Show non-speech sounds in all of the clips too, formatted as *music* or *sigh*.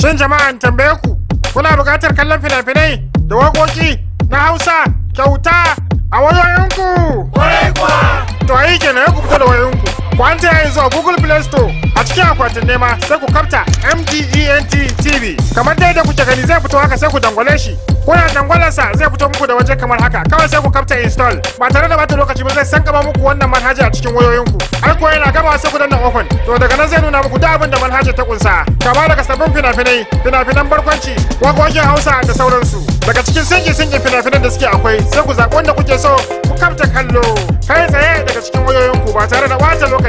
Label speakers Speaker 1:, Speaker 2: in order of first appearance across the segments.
Speaker 1: Shin jama'a jama'an tambaye ku kuna buƙatar kallon fina-finai da waƙoƙi na Hausa kyauta a wayoyinku? Kwarai kuwa! To ayi kenan ya ku da wayoyinku. Ku an yanzu a Google Play Store a cikin akwatin nema sai ku karta MDENT TV. Kamar dai da kuke gani zai fito haka sai ku dangwale shi. Kuna dangwalarsa zai fito muku da waje kamar haka kawai sai ku karta install ba tare da bata lokaci ba zai san kaba muku wannan manhaja a cikin wayoyinku. Ai ko yana gama sai ku danna open to daga nan zai nuna muku duk abin da manhaja ta kunsa. Kama daga sabbin fina-finai, fina-finan barkwanci, waƙoƙin Hausa da sauransu. Daga cikin singe-singe fina da suke akwai sai ku zaɓi wanda kuke so ku karta kallo. Kai tsaye daga cikin wayoyinku ba tare da wata lokaci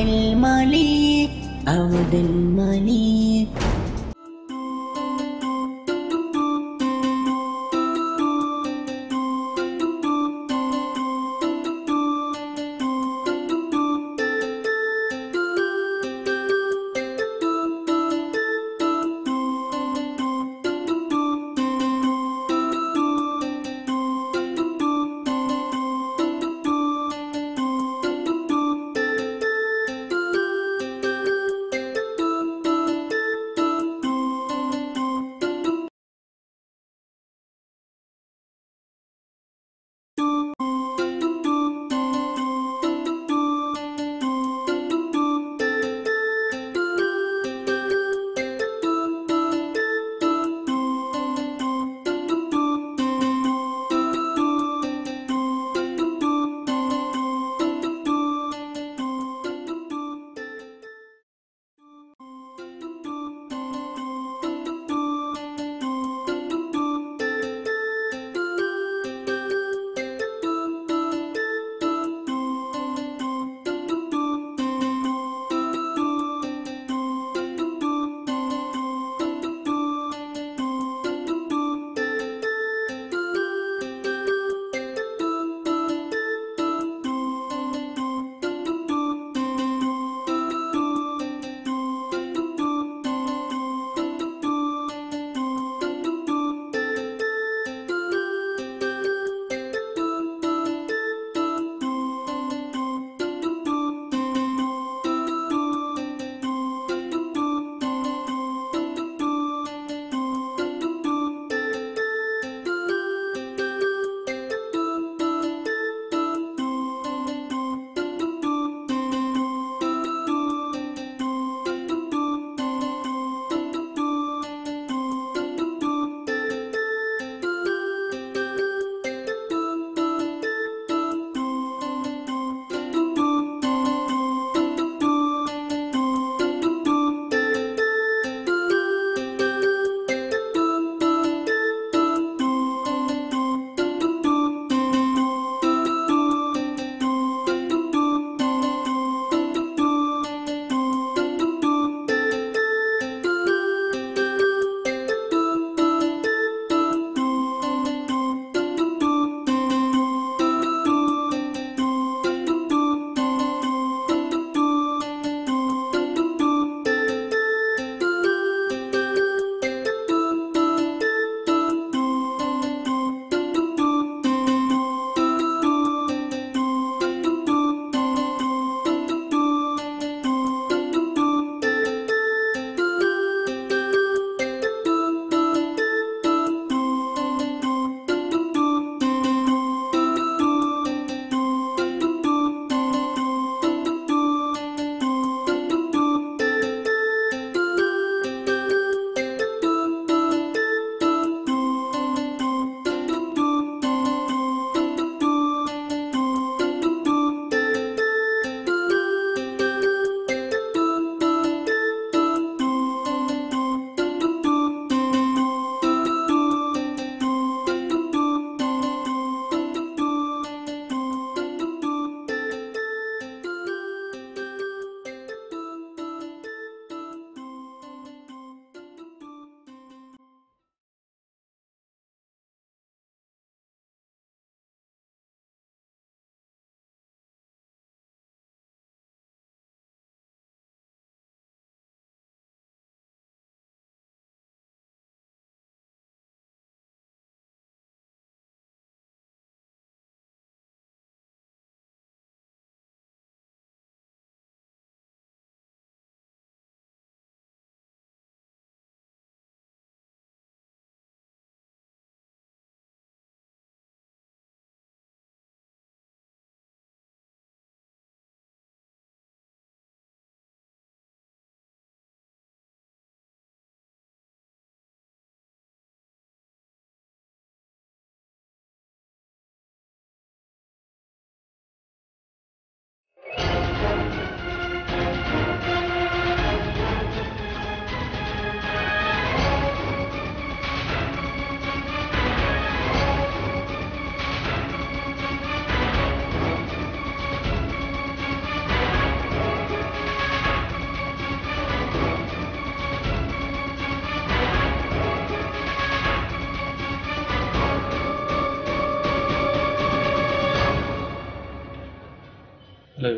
Speaker 2: அவதில் மணி அவதில் மணி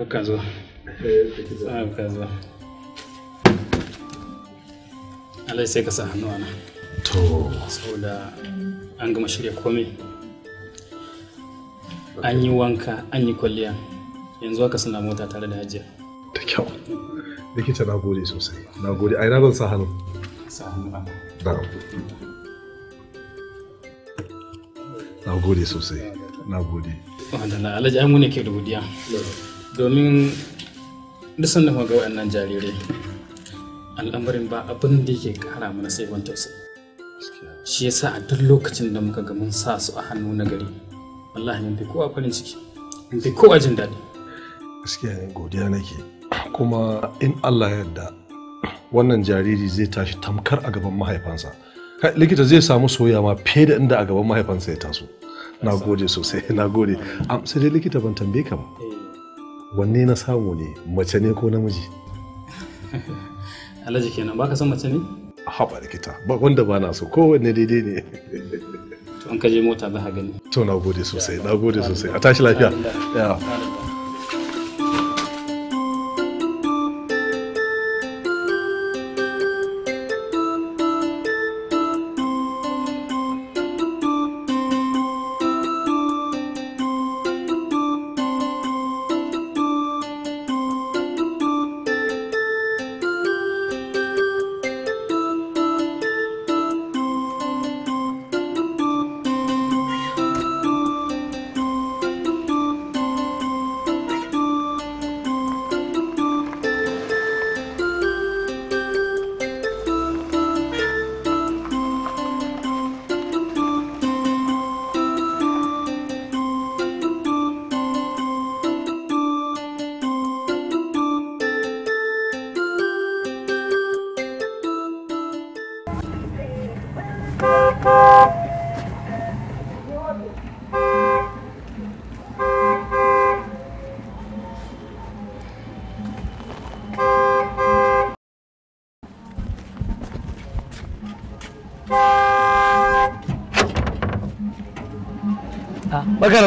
Speaker 1: ka zo ka zo
Speaker 3: alai sai ka sa hannu ana to saboda an gama shirya komai an yi wanka an yi kwalliya yanzu haka suna mota tare da hajiya
Speaker 1: da kyau likita na gode sosai na gode ai na zan sa hannu sa hannu ba na gode sosai na gode
Speaker 3: wadanda alhaji ai mu ne ke da godiya domin duk sanda muka ga waɗannan jarirai al'amarin ba abin da yake kara mana sai ban tausayi shi yasa a duk lokacin da
Speaker 1: muka ga mun sa su a hannu na gari wallahi mun fi kowa farin ciki mun fi kowa jin daɗi gaskiya ne godiya nake kuma in Allah ya yarda wannan jariri zai tashi tamkar a gaban mahaifansa likita zai samu soyayya ma fiye da inda a gaban mahaifansa ya taso na gode sosai na gode sai dai likita ban tambaye ka ba eh, wanne na samu ne mace ne ko namiji *laughs* alhaji kenan ka san mace ne a haɓa likita ba wanda ba na so kowanne daidai ne
Speaker 3: to an ka mota za ka gani
Speaker 1: to na gode sosai na gode sosai a tashi lafiya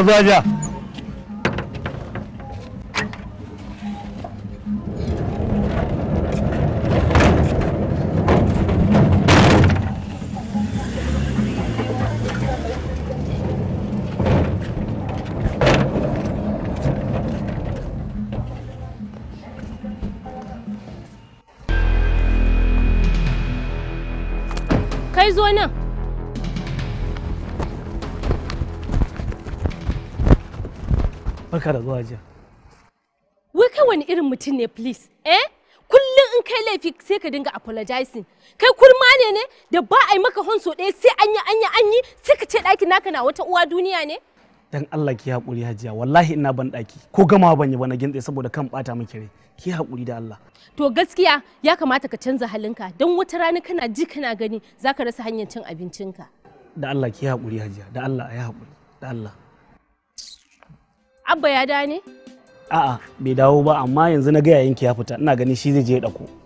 Speaker 3: 不要去。barka da zuwa
Speaker 4: wai kai wani irin mutum ne please eh kullum in kai laifi sai ka dinga apologizing kai kurma ne ne da ba a yi maka honso ɗaya sai anyi anyi anyi sai ka ce ɗakin naka na wata uwa duniya ne
Speaker 3: dan Allah ki haƙuri hajiya wallahi ina ban ɗaki ko gama ban yi ba na saboda kan ɓata miki rai ki haƙuri da Allah
Speaker 4: to gaskiya ya kamata ka canza halinka don wata rana kana ji kana gani zaka rasa hanyar cin abincinka
Speaker 3: da Allah ki haƙuri hajiya da Allah a yi haƙuri da Allah
Speaker 4: abba ya da ne
Speaker 3: a'a bai dawo ba amma yanzu na gaya yanki ya fita ina gani shi zai je ya dauko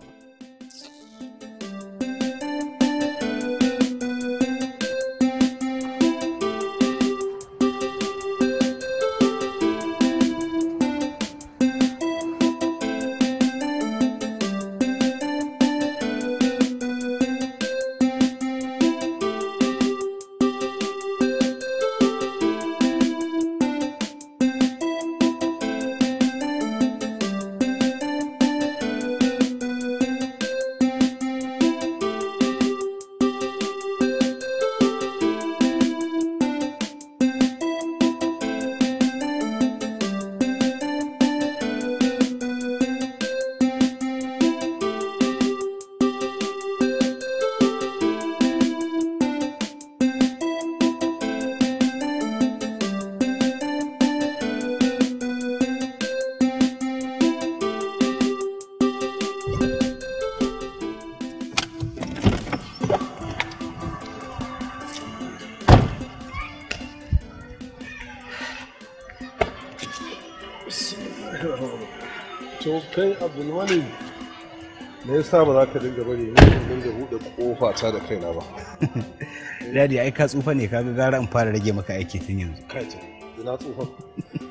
Speaker 1: sa ba za ka dinga bari ne mun da buɗe kofa ta da kaina ba
Speaker 3: *laughs* dadi ai ka tsufa ne kaga gara in fara rage maka aiki tun yanzu
Speaker 1: kai ina tsufa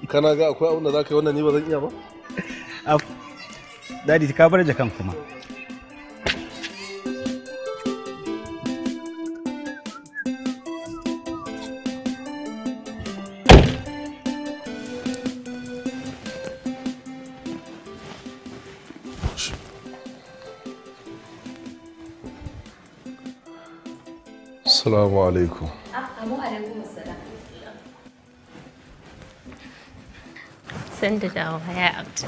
Speaker 1: kana ga akwai abin da za ka yi wannan ni ba zan iya ba
Speaker 3: *laughs* dadi ka bar jakan kuma
Speaker 1: Assalamu alaikum. Sen de dawo ya abdu.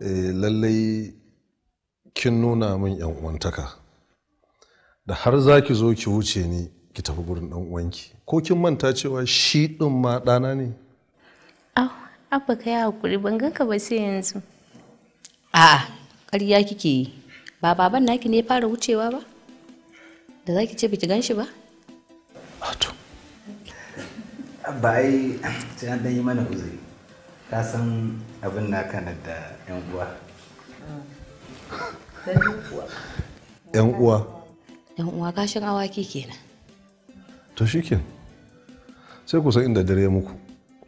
Speaker 1: Eh, lallai kin nuna min yan uwantaka da har za ki zo ki wuce ni ki tafi gurin dan uwanki ko kin manta cewa shi din ma dana ne?
Speaker 4: Abba ka yi hakuri ban ganka ba sai yanzu. a'a ƙarya kike yi ba baban naki ne fara wucewa ba da za ki ce biki gan shi ba wato
Speaker 3: Bai, ai sai an yi mana uzuri ka san abin naka na da yan uwa
Speaker 1: yan uwa
Speaker 4: yan uwa kashin awaki kenan
Speaker 1: to shikin sai ku san inda dare muku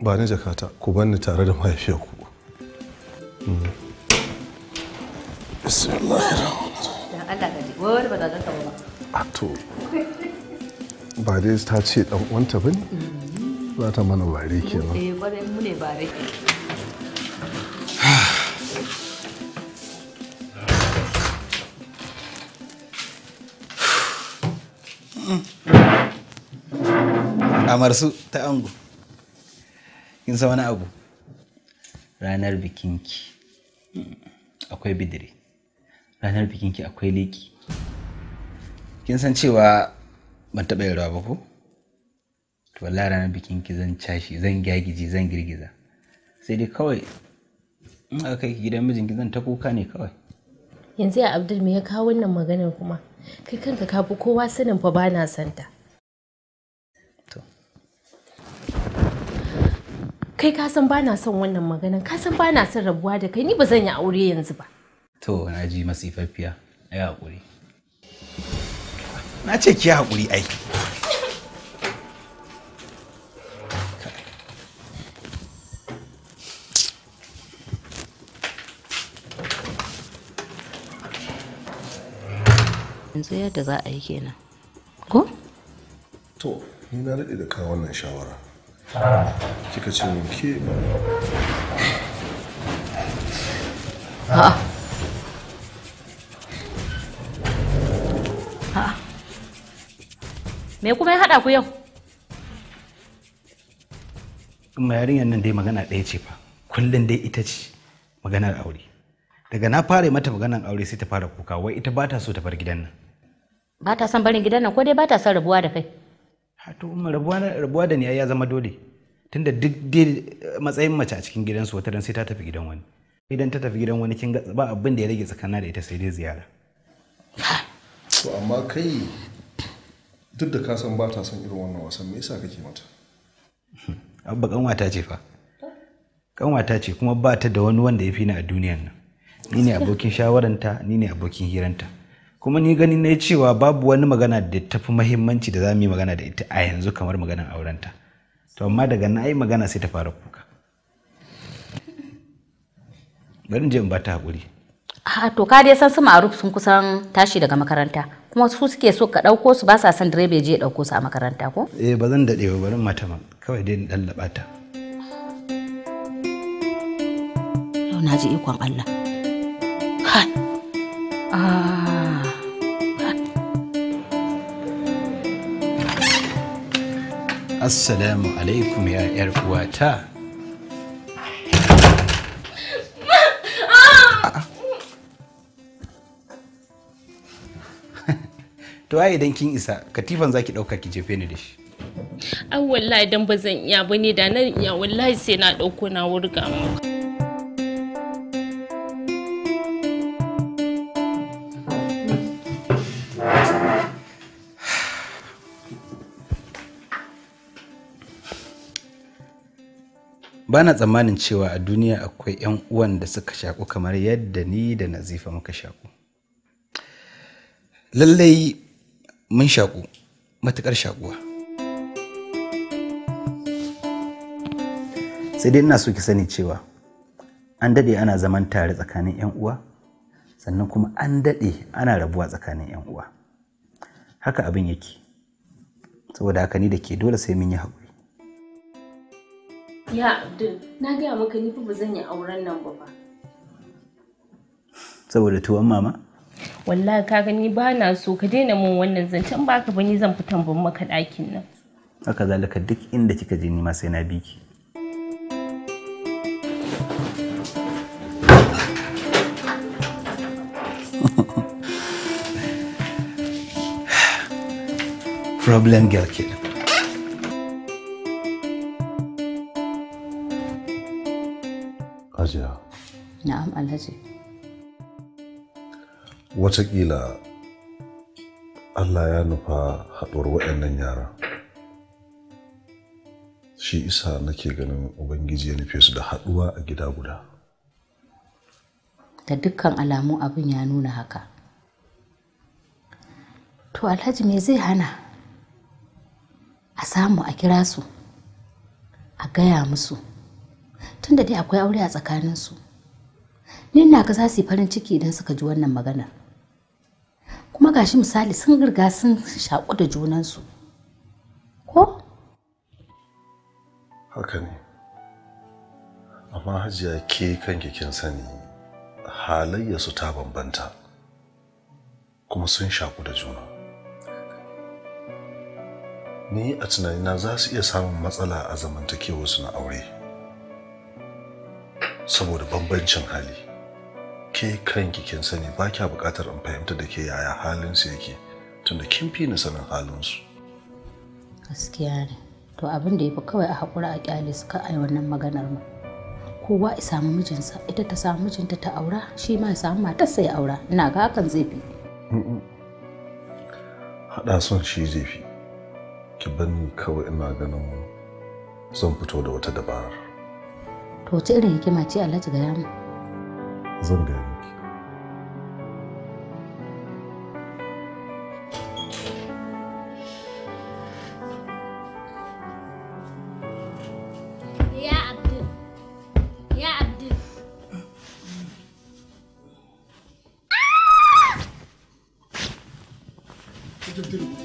Speaker 1: ba ni jakata ku banni tare da ku. mm -hmm. to ba dai ta ce dan uwanta bane za ta mana bare kenan eh
Speaker 4: kwarai mu ne bare
Speaker 3: *sighs* amarsu ta ango kin san wani abu ranar bikinki akwai bidire ranar bikinki akwai leki kin san cewa ban taɓa yin rawa ba ko to wallahi ranar bikinki zan cashi zan gyagiji zan girgiza sai dai kawai in aka kai gidan mijinki zan ta kuka ne kawai
Speaker 4: yanzu ya abdul me ya kawo wannan maganar kuma kai kanka ka fi kowa sanin fa bana santa kai ka san bana son wannan maganan ka san bana son rabuwa da kai ni ba zan yi aure yanzu ba
Speaker 3: To, na ji masifaffiya, ai haƙuri. Na ce ki haƙuri ai.
Speaker 4: Yanzu yadda za a yi kenan. Ko?
Speaker 1: To, ni na daɗe da kawo wannan shawara. Kika ce min ke ba. A'a.
Speaker 4: me kuma ya haɗa ku yau
Speaker 3: ma yarinyar nan dai magana ɗaya ce fa kullum dai ita ce maganar aure daga na fara mata maganar aure sai ta fara kuka wai ita ba ta so ta bar gidan nan
Speaker 4: ba ta son barin gidan nan ko dai ba ta son rabuwa da kai
Speaker 3: ha to umma rabuwa rabuwa da ni ya zama dole tunda duk dai eh, matsayin mace a cikin su wata dan sai ta tafi gidan wani idan ta tafi gidan wani kin ga ba abin da ya rage tsakanin da ita sai dai ziyara
Speaker 1: to amma kai duk da ka san ba ta son irin wannan wasan me yasa kake mata *laughs* abba kanwata ce fa
Speaker 3: kanwata ce kuma ba ta da wani wanda ya fi ni a duniyan nan ni ne abokin shawaranta ni ne abokin hiranta kuma ni gani na cewa babu wani magana da ta fi mahimmanci da za mu yi magana da ita a yanzu kamar maganar aurenta to amma daga na yi magana sai ta fara kuka bari in je in ba ta haƙuri
Speaker 4: a to ka dai san su ma'aruf sun kusan tashi daga makaranta kuma su suke so ka ɗauko su ba sa son direba ya je ya ɗauko su a makaranta ko?
Speaker 3: Eh ba zan daɗe ba barin mata ma kawai dai ɗan labata.
Speaker 4: Yau na ji ikon Allah. Ah.
Speaker 3: Assalamu alaikum ya 'yar uwata. to ai idan kin isa katifan zaki dauka ki jefe ni da shi
Speaker 4: ai wallahi dan ba zan iya bane da nan iya wallahi sai na dauko na wurga
Speaker 5: maka
Speaker 3: bana tsammanin cewa a duniya akwai 'yan uwan da suka shaku kamar yadda ni da nazifa muka shaku lallai mun shaƙu matuƙar shaƙuwa sai dai ina so ki sani cewa an daɗe ana zaman tare tsakanin 'yan uwa sannan kuma an daɗe ana rabuwa tsakanin 'yan uwa haka abin yake saboda haka ni da ke dole sai mun yi haƙuri
Speaker 4: ya abdul na gaya maka ni fa ba zan yi auren nan ba
Speaker 3: saboda tuwon mama
Speaker 4: wallahi ka gani ba na so ka daina mun wannan zancen ba ka bani zan fita ban maka ɗakin nan
Speaker 3: haka zalika duk inda kika je ni ma sai na biki *laughs* problem girl kenan
Speaker 4: Na'am Alhaji.
Speaker 1: watakila allah ya nufa haɗuwar waɗannan yara shi isa nake ganin ubangiji ya nufe su da haɗuwa a gida guda
Speaker 4: da dukkan alamu abin ya nuna haka to alhaji me zai hana a samu a kira su a gaya musu tun da dai akwai aure a tsakaninsu ni na ka za su yi farin ciki idan suka ji wannan maganar kuma gashi misali sun riga sun shaƙu da junansu
Speaker 6: ko
Speaker 1: haka ne amma hajiya ke kanki kin sani halayya su ta bambanta kuma sun shaƙu da juna ni a tunanina za su iya samun matsala a zamantakewarsu na aure saboda bambancin hali ke kanki kin sani ba kya buƙatar in fahimta da ke yaya halinsu yake tunda kin fi ni sanin halinsu
Speaker 4: gaskiya ne to abin da ya fi kawai a haƙura a ƙyale su ka ai wannan maganar mu kowa ya samu mijinsa ita ta samu mijinta ta aura shi ma ya samu matarsa ya aura ina ga hakan zai
Speaker 1: fi haɗa son shi zai fi ki bani kawai ina ganin zan fito da wata dabarar
Speaker 4: to ta irin hikima ce alhaji gaya mu زنجانك يا عبد يا عبد آه!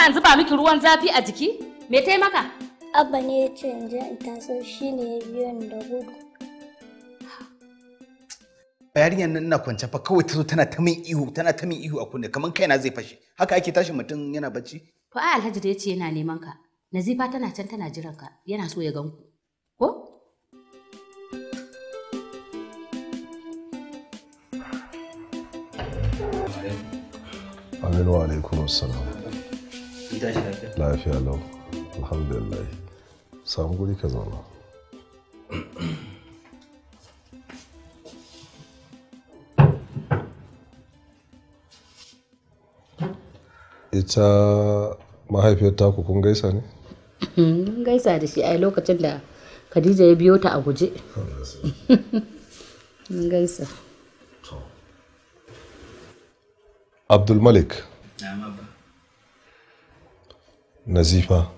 Speaker 4: sa an zuba miki ruwan zafi a jiki? Me ta maka?
Speaker 2: Abba ne ya ce in je in taso shi ne ya biyo ni da gudu.
Speaker 3: Yarinyar nan ina kwance fa kawai ta zo tana ta min ihu tana ta min ihu a kunne kamar kaina zai fashe. Haka ake tashin mutum yana bacci?
Speaker 4: To ai Alhaji da ya ce yana neman ka. Nazifa tana can tana jiran ka yana so ya gan ku. Ko?
Speaker 1: Aminu alaikum assalam. jiki tashi lafiya? Lafiya lau, alhamdulillah. Samu guri ka zauna. Ita mahaifiyar taku kun gaisa ne?
Speaker 4: Hmm, mun gaisa da shi a lokacin da Khadija ya biyo ta a guje. *laughs* Mun gaisa.
Speaker 1: Abdulmalik. Malik. nazifa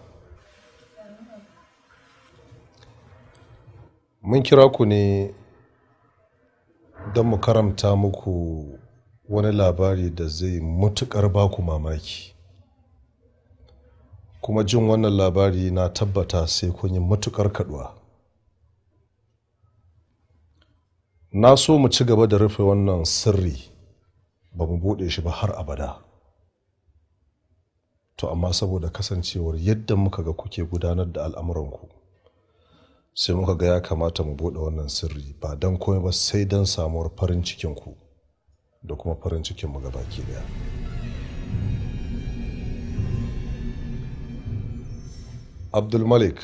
Speaker 1: mun kira ku ne don mu karamta muku wani labari da zai mutukar ku mamaki kuma jin wannan labari na tabbata sai kun yi mutukar kaduwa na so mu ci gaba da rufe wannan sirri ba mu buɗe shi ba har abada to amma saboda kasancewar yadda muka ga kuke gudanar da al'amuranku sai muka ga ya kamata mu buɗe wannan sirri ba don komai ba sai don samuwar farin cikinku da kuma farin cikinmu ga baki daya abdulmalik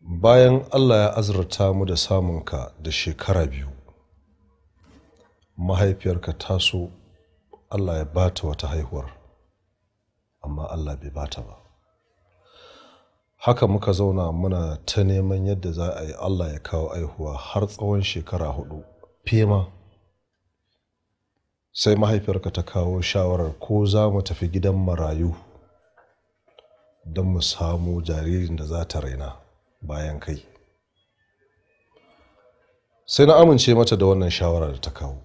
Speaker 1: bayan allah ya azurta mu da samunka da shekara biyu mahaifiyarka taso allah ya bata wata haihuwar amma Allah bai bata ba haka muka zauna muna ta neman yadda za a yi Allah ya kawo aihuwa har tsawon shekara hudu fema sai mahaifiyarka ta kawo shawarar ko za mu tafi gidan marayu don mu samu jaririn da za ta raina bayan kai sai na amince mata da wannan shawarar da ta kawo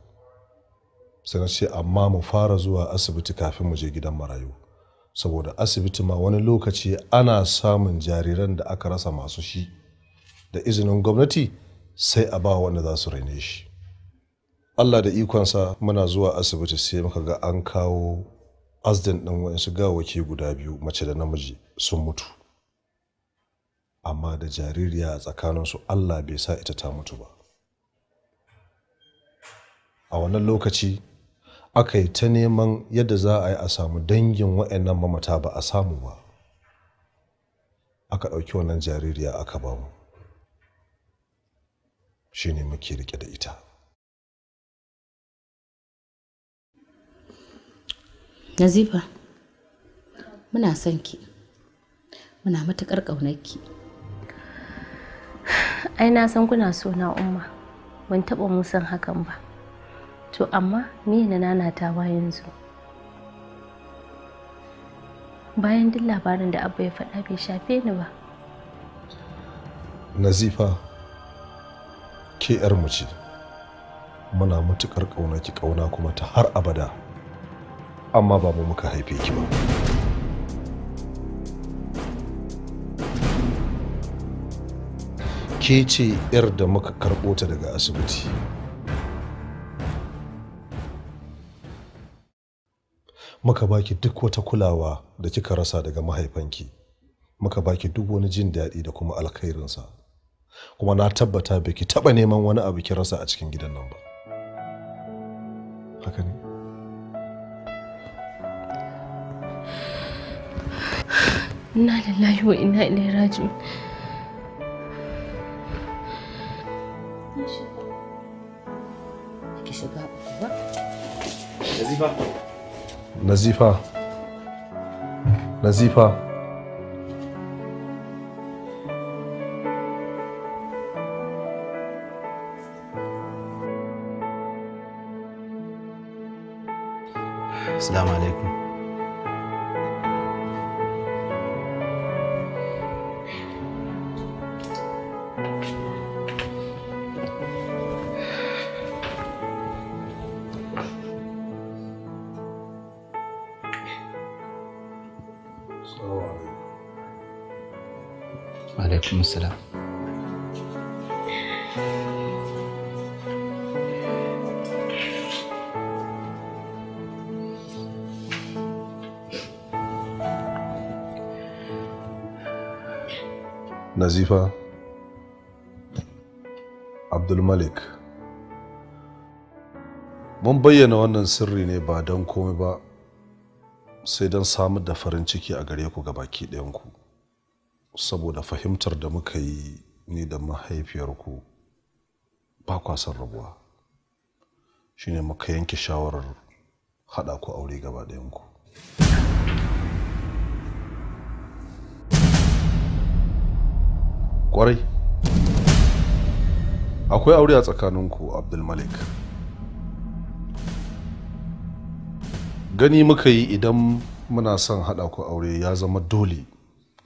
Speaker 1: sai na ce amma mu fara zuwa asibiti kafin mu je gidan marayu saboda asibiti ma wani lokaci ana samun jariran da aka rasa masu shi da izinin gwamnati sai a ba wanda za su raine shi allah da ikonsa muna zuwa asibiti sai muka ga an kawo asdin ɗin wani gawaki guda biyu mace da namiji sun mutu amma da jaririya a tsakaninsu allah bai sa ita ta mutu ba a wannan lokaci aka yi ta neman yadda za a yi a samu dangin wa'annan mamata ba a samu ba aka ɗauki wannan jaririya aka ba mu
Speaker 7: shi ne muke rike da ita
Speaker 4: nazifa muna son ki muna matuƙar ƙaunarki ai na san kuna so na umma ban taɓa musan hakan ba to amma miye na nanatawa yanzu bayan duk labarin da abu ya faɗa bai shafe ni ba
Speaker 1: nazifa ke mu ce muna matuƙar ƙauna ki ƙauna kuma ta har abada amma ba mu muka haife ki ba ke ce 'yar da muka karɓo ta daga asibiti muka baki duk wata kulawa da kika rasa daga mahaifanki muka baki duk wani jin daɗi da kuma alkhairinsa kuma na tabbata baki taɓa neman wani abu ki rasa a cikin gidan nan ba haka ne
Speaker 2: inna lillahi
Speaker 4: wa inna ilaihi raji'un Thank you.
Speaker 1: nazifa alaikum salam nazifa abdulmalik mun bayyana wannan sirri ne ba don komai ba sai don samar da farin ciki a gare ku ga baki ɗayanku saboda fahimtar da muka yi ni da mahaifiyarku ba kwa rabuwa shine muka yanke shawarar haɗa ku aure gaba ɗayanku kwarai akwai aure a tsakaninku abdulmalik gani muka yi idan muna son haɗa ku aure ya zama dole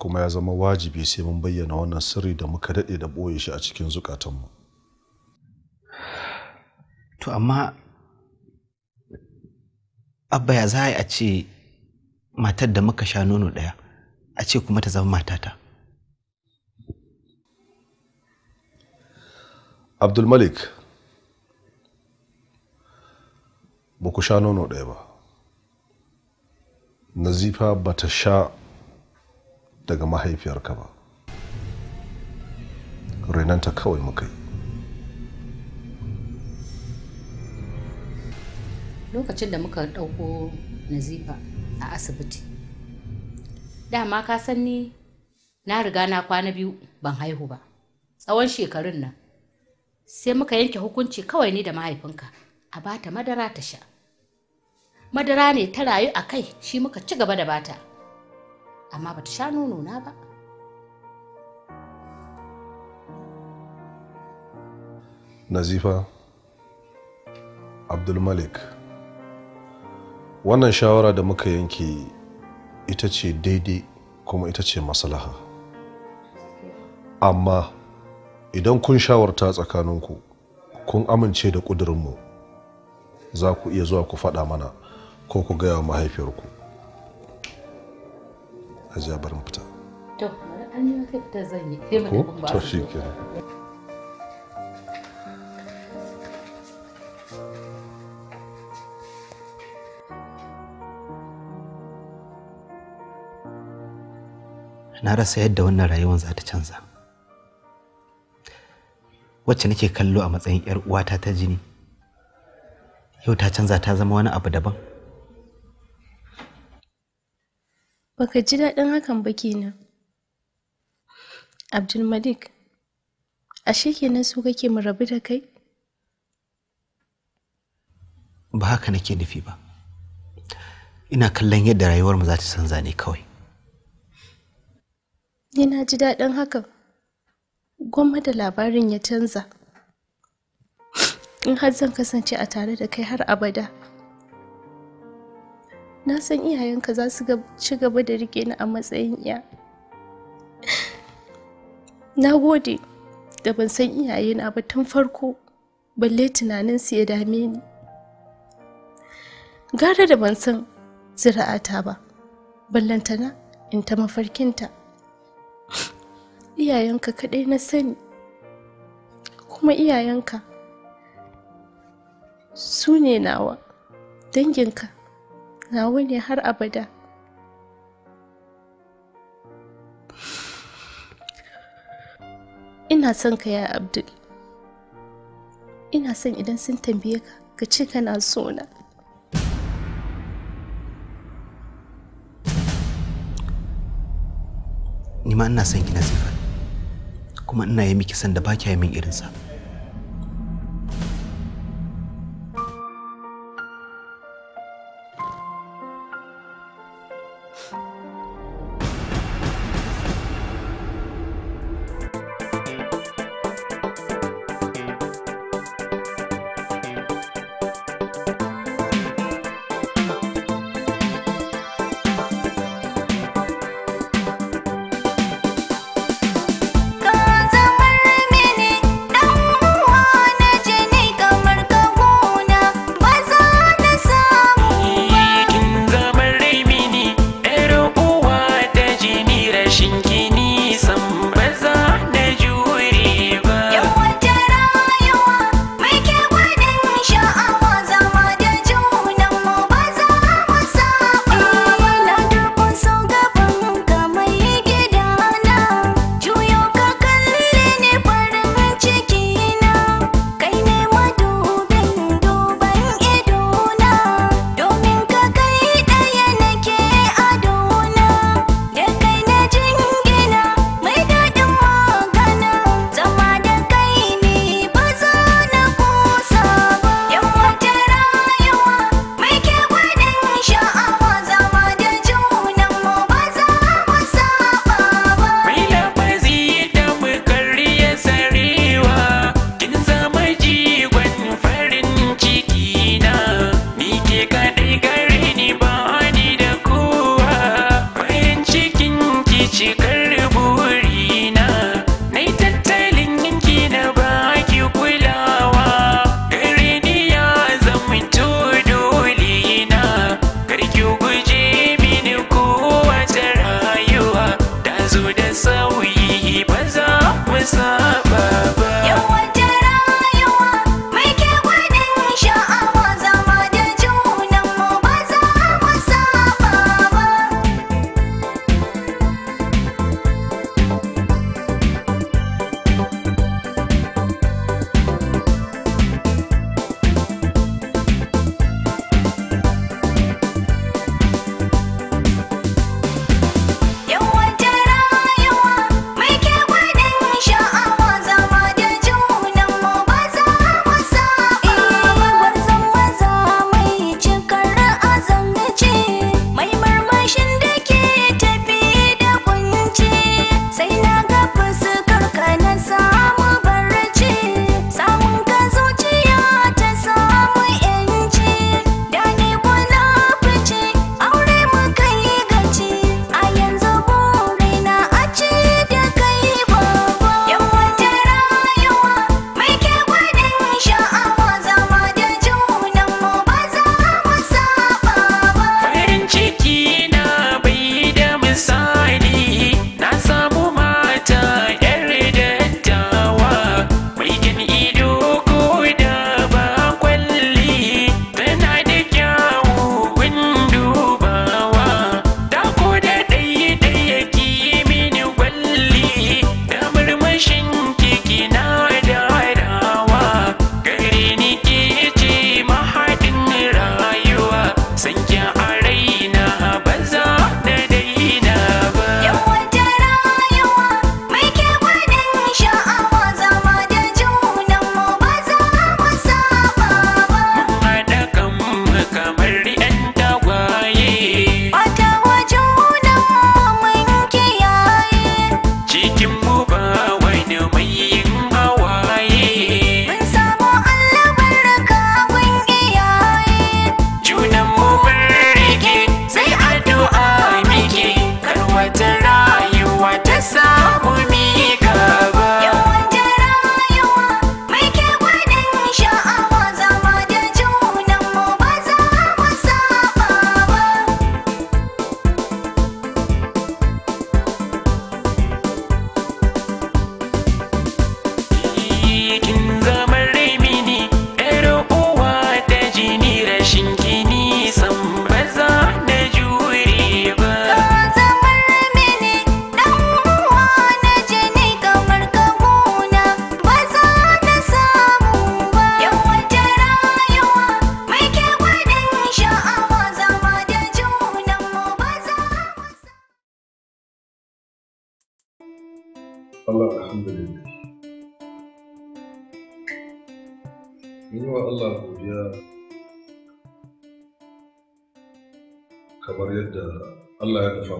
Speaker 1: kuma ya zama wajibi sai mun bayyana wannan sirri da muka daɗe da ɓoye shi a cikin zukatanmu. To amma
Speaker 3: abba ya za a ce matar da muka sha nono ɗaya a ce kuma ta zama matata.
Speaker 1: Abdulmalik ba ku sha nono ɗaya ba. Nazifa ba ta sha daga mahaifiyarka ba renanta kawai muka yi
Speaker 4: lokacin da muka ɗauko nazifa a asibiti dama ka san ni na riga na kwana biyu ban haihu ba tsawon shekarun nan sai muka yanke hukunci kawai ni da mahaifinka a bata madara ta sha madara ne ta rayu a kai shi muka ci gaba da bata amma bata sha nono na ba
Speaker 1: nazifa abdulmalik wannan shawara da muka yanke ita ce daidai kuma ita ce maslaha amma idan kun shawarta tsakaninku kun amince da ƙudurinmu za ku iya zuwa ku faɗa mana ko ku gaya wa mahaifiyarku hajiya mu fita
Speaker 4: to an yi maka fita
Speaker 3: na rasa yadda wannan rayuwar za ta canza wacce nake kallo a matsayin 'yar uwata ta jini yau ta canza ta zama wani abu daban
Speaker 4: Baka ji daɗin hakan ba kenan. Abdulmalik, ashe kenan su kake mu rabu da kai?
Speaker 3: Ba haka nake nufi ba. Ina kallon yadda rayuwar mu za ta canza ne kawai.
Speaker 4: Ni ji daɗin hakan. Gwamma da labarin ya canza. In har zan kasance a tare da kai har abada. na san iyayenka za su ci gaba da rike ni a matsayin iya na gode da ban san iyayena ba tun farko balle su ya dame ni gara da ban san zira'ata ba ballantana in ta mafarkinta iyayenka kaɗai na sani kuma iyayenka su ne nawa danginka nawa ne har abada ina son ka ya abdul ina son idan sun tambaye ka ka ce kana sona
Speaker 3: ni ma ina son ki nasifa kuma ina yi miki san da ba kya yi min irinsa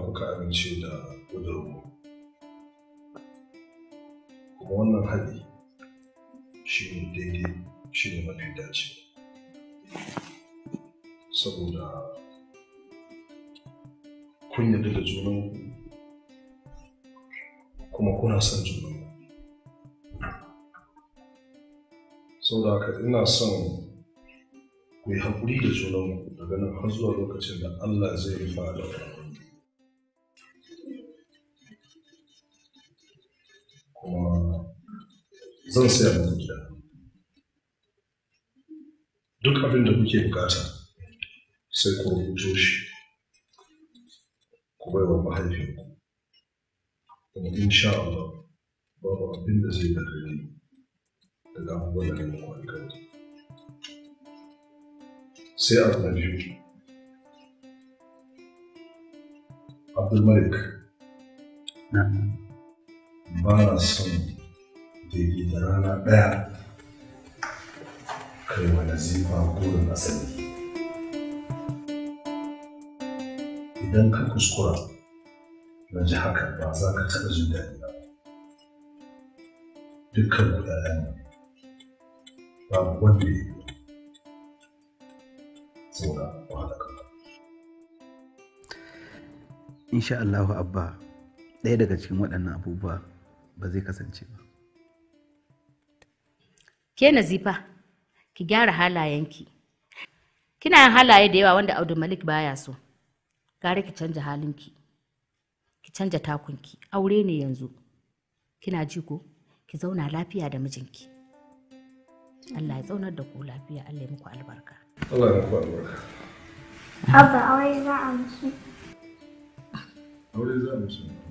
Speaker 7: muka amince da ƙudurmu kuma wannan haɗi shi ne daidai shi ne mafi dace saboda kun yarda da junanku kuma kuna son junanku saboda haka ina son ku yi haƙuri da junanku daga nan har zuwa lokacin da Allah zai rufa da wani kuma zan saya muku gida duk abin da kuke bukata sai ku rubuto shi ku bai wa mahaifinku kuma insha Allah babu abin da zai daga ni daga abubuwan da muku alkali sai abu na biyu Abdulmalik. Na'am. ba na son daidai da rana ɗaya kai wa nazifa gurin asali idan ka kuskura na ji haka ba za ka taɓa jin daɗi ba dukkan kuɗaɗen ba wanda ya yi
Speaker 3: ba insha Allahu abba ɗaya daga cikin waɗannan abubuwa ba zai kasance ba
Speaker 4: ke nazifa ki gyara halayenki kina yin halaye da yawa wanda Audu Malik baya so gare ki canja halinki ki canja takunki aure ne yanzu kina ji ko ki zauna lafiya da mijinki Allah ya zaunar da ku lafiya Allah ya muku albarka
Speaker 1: Allah ya muku albarka
Speaker 4: Abba
Speaker 2: aure za a musu
Speaker 1: aure za a musu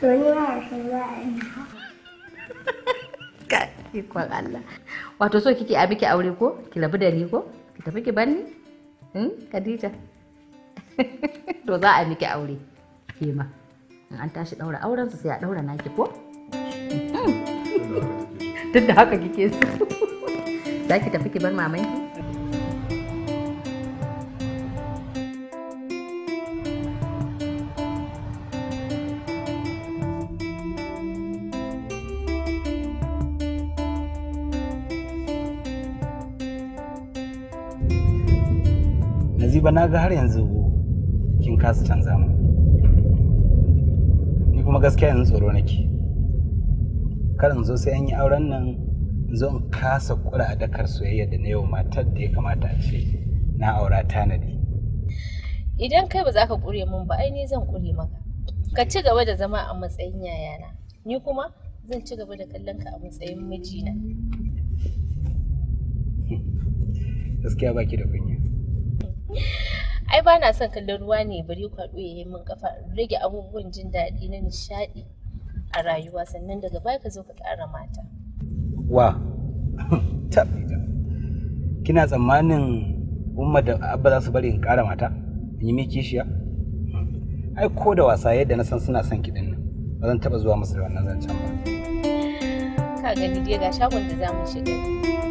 Speaker 2: *laughs* Allah
Speaker 4: wato so kike a miki aure ko ki labu da ni ko ki tafi ki banni? hmm Khadija *laughs* to za a miki aure ke ma in an tashi daura auren su sai a daura naki ko
Speaker 5: *laughs*
Speaker 4: duk da haka kike so za ki tafi ki bar mamanki
Speaker 3: ba na ga har yanzu kin kasa canza mu ni kuma gaskiya yanzu tsoro nake kar in zo sai an yi auren nan zo in kasa kura dakar soyayya da na yau matar da ya kamata a ce na aura tanadi
Speaker 4: idan kai ba za ka kure mun ba ai ni zan kure maka ka ci gaba da zama a matsayin yayana ni kuma zan ci gaba da kallon ka a matsayin mijina
Speaker 3: gaskiya baki da kunya
Speaker 4: ai ba na son kallon ruwa ne bari kwaɗo ya yi min kafa rage abubuwan jin daɗi na nishaɗi a rayuwa sannan daga baya ka zo ka ƙara mata
Speaker 3: wa *laughs* kina tsammanin umma da abba za su bari in ƙara mata in yi miki shiya ai ko da wasa yadda na san suna son kiɗin nan ba zan taɓa zuwa masu da wannan zancen ba
Speaker 4: ka gani dai ga shagon da za mu shiga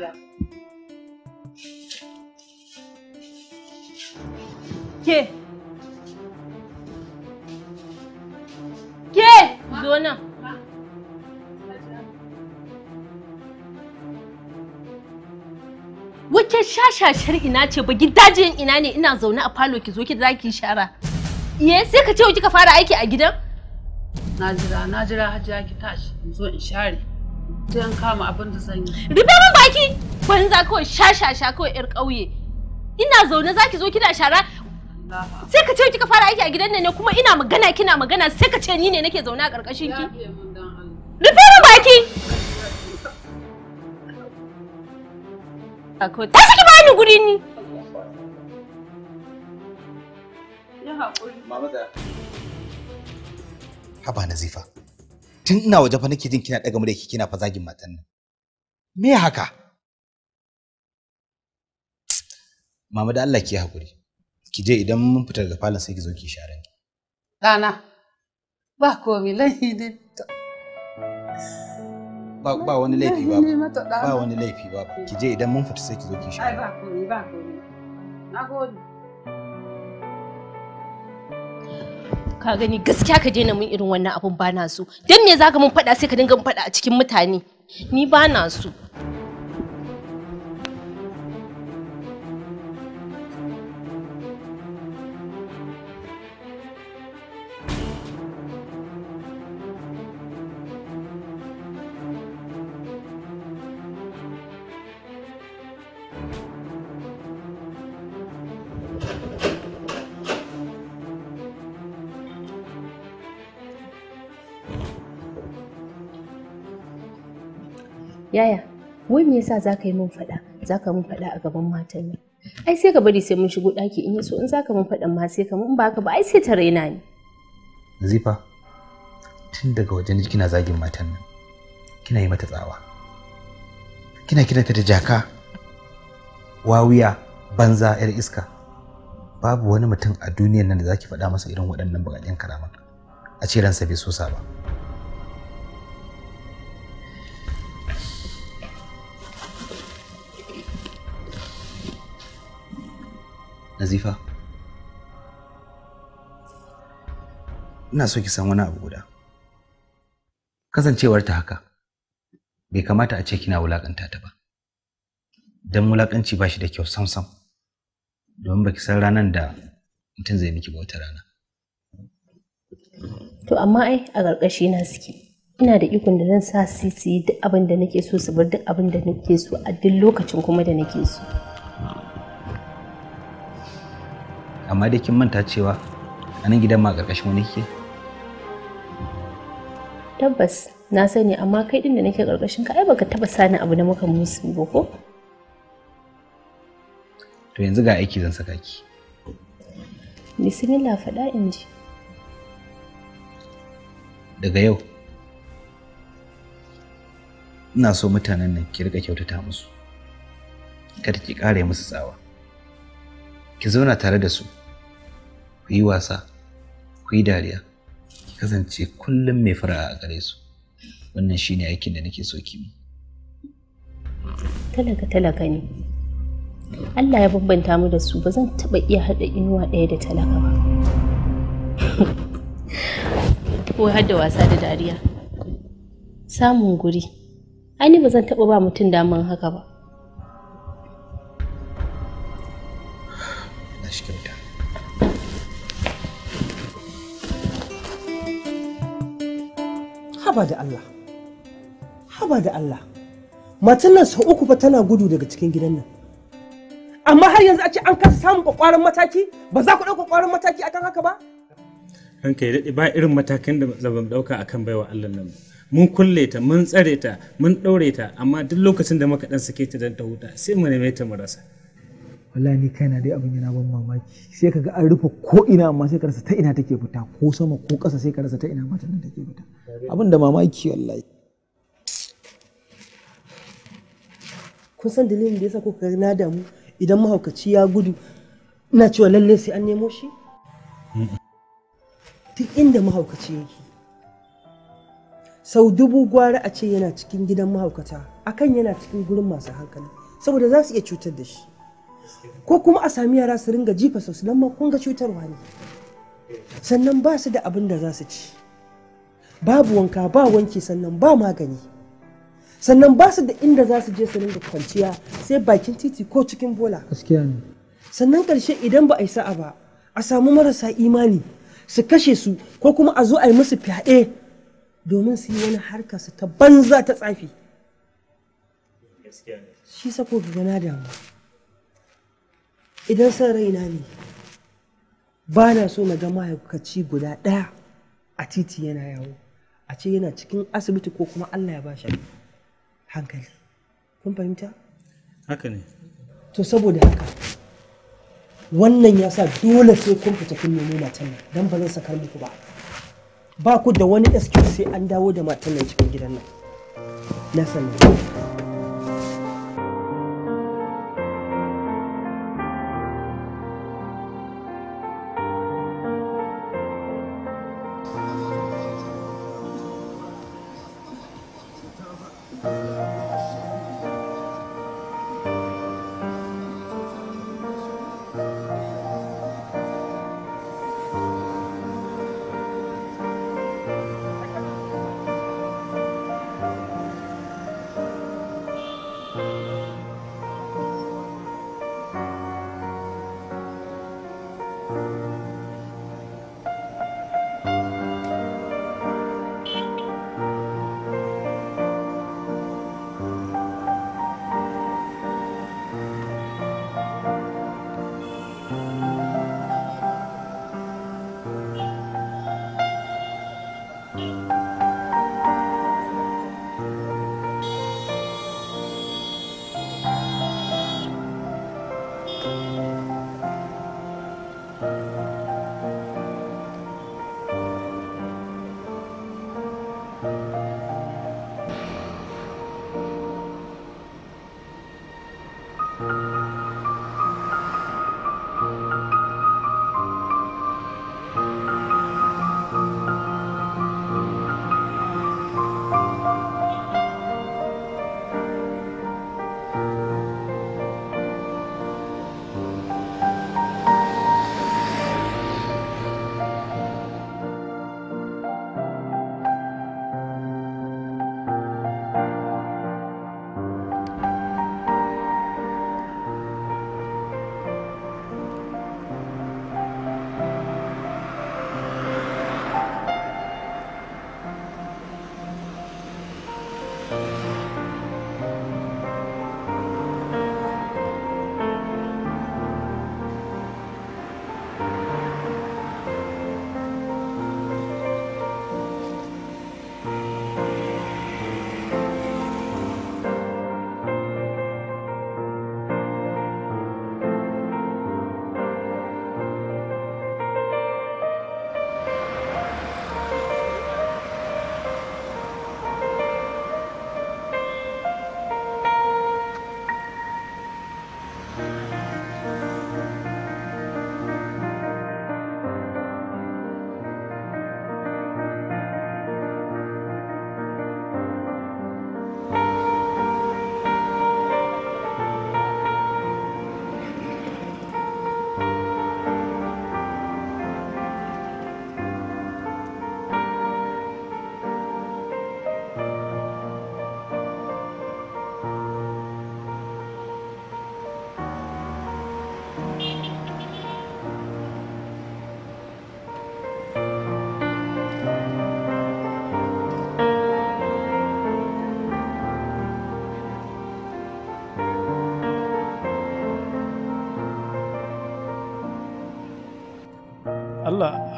Speaker 6: lafiya ke
Speaker 4: ke zo nan Wace shashashar ina ce ba gidajen ina ne ina zaune a falo ki zo ki za ki shara. Iye sai ka ce kika fara aiki a gidan?
Speaker 6: Na jira, na jira hajiya ki tashi in zo in share. sai an kama abin da zan yi rufe min baki banza kawai sha
Speaker 4: sha sha kawai ƴar ƙauye ina zaune za ki zo kina shara sai ka ce kika fara aiki a gidan nan ne kuma ina magana kina magana sai ka ce ni ne nake zaune a ƙarƙashin ki rufe min baki ta ki bani guri ni
Speaker 3: Haba Nazifa. tun ina waje fa nake jin kina daga mureki kina fa zagin matan nan me haka mama da Allah ki hakuri ki je idan mun fita daga falon sai ki zo ki share ni
Speaker 6: dana ba komai laifi ne
Speaker 3: ba ba wani laifi ba ba wani laifi ba ki je idan mun fita sai ki zo ki share
Speaker 6: ai ba komai ba komai nagode
Speaker 4: ka gani gaskiya ka daina mun irin wannan abun ba na so dan me zaka mun faɗa sai ka dinga mun faɗa a cikin mutane ni ba na so don me yasa za ka yi min faɗa za ka min faɗa a gaban matan nan ai sai ka bari sai mun shigo ɗaki in so in za ka min faɗan ma sai ka mun ba ba ai sai ta raina ni
Speaker 3: zifa tun daga wajen kina zagin matan nan kina yi mata tsawa kina kiranta da jaka wawiya banza yar iska babu wani mutum a duniyar nan da zaki faɗa masa irin waɗannan bakaɗen karaman a ce ransa bai so sa ba Nazifa. Ina so ki san wani abu guda. Kasancewar ta haka bai kamata a ce kina wulakanta ta ba. Dan wulakanci ba shi da kyau sam sam. Domin baki san ranar da mutum zai miki bauta rana.
Speaker 4: To amma ai a ƙarƙashi na suke. Ina da ikon da zan sa su yi duk abin da nake so su bar duk abin da nake so a duk lokacin kuma da nake so.
Speaker 3: amma dai kin manta cewa a nan gidan ma ƙarƙashin wani ke.
Speaker 4: tabbas na sani amma kai din da nake ƙarƙashin ka ai baka taba sani abu na maka musu ba ko
Speaker 3: to yanzu ga aiki zan saka ki
Speaker 4: bismillah faɗa
Speaker 6: in ji
Speaker 3: daga yau ina so mutanen nan ki rika kyautata musu kada ki ƙare musu tsawa ki zauna tare da su ku yi wasa ku yi dariya ki kasance kullum mai fara a gare su wannan shine aikin da nake so ki
Speaker 4: talaka talaka ne Allah ya bambanta mu da su ba zan taɓa iya haɗa inuwa ɗaya da talaka ba ko *laughs* hadda wasa da dariya samun guri ani ba zan taɓa ba mutum daman haka ba
Speaker 6: haba da Allah haba da Allah matan nan sau uku fa tana gudu daga cikin gidan nan amma har yanzu a ce an kasa samun kwakwaran mataki ba za ku ɗauka kwakwaran mataki akan haka ba
Speaker 3: ranka ya daɗe ba irin matakin da ba mu ɗauka akan baiwa Allah nan mun kulle ta mun tsare ta mun ɗaure ta amma duk lokacin da muka ɗan sake ta don ta huta sai mu neme ta mu rasa wallahi ni kaina dai abin yana ban mamaki sai kaga an rufe ko ina amma sai ka rasa ta ina take fita ko sama ko ƙasa sai ka rasa ta ina matan nan take fita abin da mamaki wallahi
Speaker 6: kun san dalilin da yasa kuka na damu idan mahaukaci ya gudu ina cewa lalle sai an nemo shi duk inda mahaukaci yake sau dubu gwara a ce yana cikin gidan mahaukata akan yana cikin gurin masu hankali saboda za su iya cutar da shi ko kuma a sami yara su ringa jifa su nan ma kun ga cutarwa ne sannan ba su da abin da za su ci babu wanka ba wanki sannan ba magani sannan ba su da inda za su je su ringa kwanciya sai bakin titi ko cikin bola sannan ƙarshe idan ba a yi sa'a ba a samu marasa imani su kashe su ko kuma a zo a yi musu fyaɗe domin su yi wani harka su ta banza ta tsafi shi sako gana na damu idan son raina ne ba na so na ga mahaukaci guda ɗaya a titi yana yawo a ce yana cikin asibiti ko kuma allah ya ba shi hankali kun fahimta haka ne to saboda haka wannan ya sa dole sai kun fita kun nemi matan nan don ba zan sakar muku ba ba ku da wani excuse sai an dawo da matan nan cikin gidan nan na sanin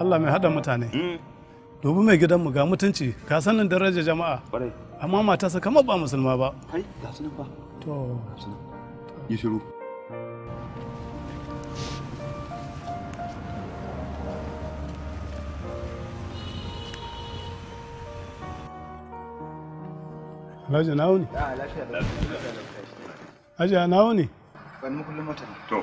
Speaker 3: Allah mai hada mutane mm. Dubu mai gidanmu ga mutunci ga sanin daraja jama'a amma matarsa kamar ba musulma ba
Speaker 1: kai ga sunan ba to yi shiru
Speaker 6: Alhaji ah, Alhaji
Speaker 3: Wani mukullin mutane. To,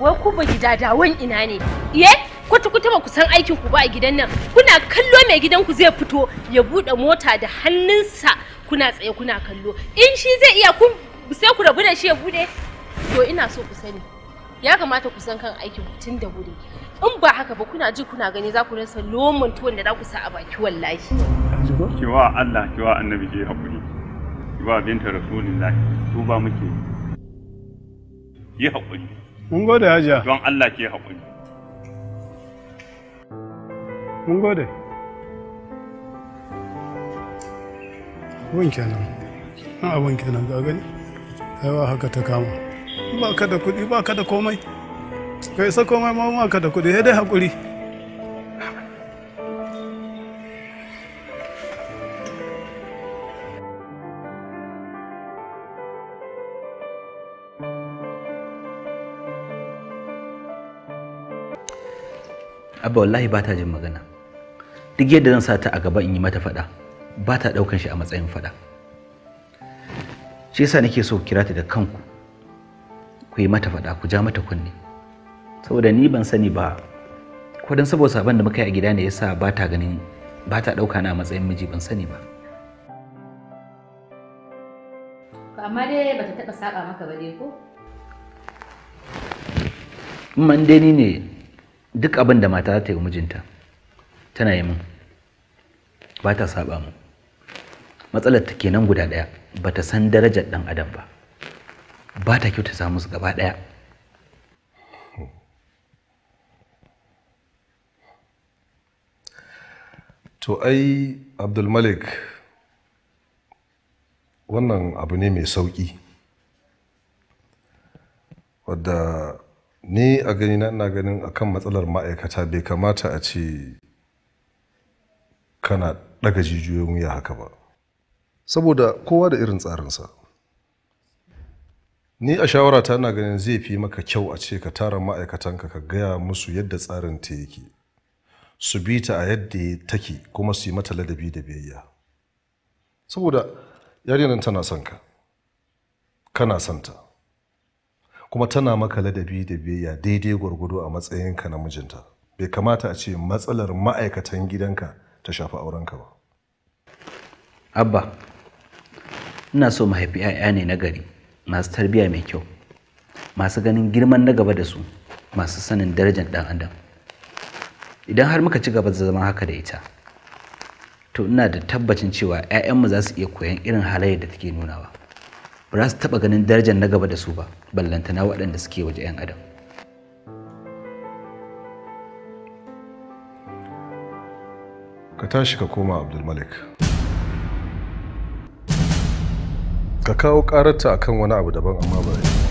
Speaker 4: wai ku ba gidadawan ina ne iye kwata-kwata ba ku san aikin ku ba a gidan nan kuna kallo mai gidan ku zai fito ya buɗe mota da hannunsa kuna tsaye kuna kallo in shi zai iya kun sai ku rabu da shi ya buɗe to ina so ku sani ya kamata ku san kan aikin ku tun da wuri in ba haka ba kuna ji kuna gani za ku rasa lomon tuwon da za ku sa a baki wallahi
Speaker 6: kiwa Allah kiwa annabi ke hakuri kiwa binta rasulullahi to ba muke yi hakuri mun gode haja. don Allah ke hakuri mun gode abun kenan ah, abun kenan ga gani wa haka ta kama
Speaker 3: ba ka da kuɗi ba ka da komai kai sako mai mamu ka da kuɗi ya dai haƙuri abba wallahi ba ta jin magana duk yadda zan sa ta a gaba in yi mata fada ba ta ɗaukan shi a matsayin fada shi yasa nake so kira ta da kanku ku yi mata fada ku ja mata kunne saboda ni ban sani ba ko dan saboda saban da muka yi a gida ne yasa ba ta ganin ba ta ɗauka na matsayin miji ban sani ba
Speaker 4: amma dai ba ta taba saba maka ba dai ko
Speaker 3: man dai ne duk abin da mata ta yi mijinta tana yi min ba ta saba mu matsalar ta kenan guda ɗaya ba ta san darajar dan adam ba ba ta kyauta su gaba ɗaya
Speaker 1: to ai abdulmalik wannan abu ne mai sauƙi wadda ni a gani na ina ganin akan matsalar ma'aikata bai kamata a ce kana ɗaga jijiyoyin wuya haka ba saboda kowa da irin tsarinsa ni a shawara ta ina ganin zai fi maka kyau a ce ka tara ma'aikatanka ka gaya musu yadda tsarin ta yake su bi ta a yadda take kuma su yi mata ladabi da biyayya saboda yarinan tana son ka kana son ta kuma tana maka ladabi da biyayya daidai gwargwado a matsayinka na mijinta bai kamata a ce matsalar ma'aikatan gidanka ta shafi aurenka ba abba
Speaker 3: ina so mahaifi 'ya'ya ne na gari masu tarbiyya mai kyau masu ganin girman na gaba da su masu sanin darajar ɗan adam idan har muka ci gaba da zama haka da ita to ina da tabbacin cewa 'ya'yanmu za su iya koyan irin halayyar da take nunawa ba za su taɓa ganin darajar na gaba da su ba ballantana waɗanda suke waje 'yan adam
Speaker 1: ka tashi ka koma abdulmalik ka kawo ƙararta akan wani abu daban amma ba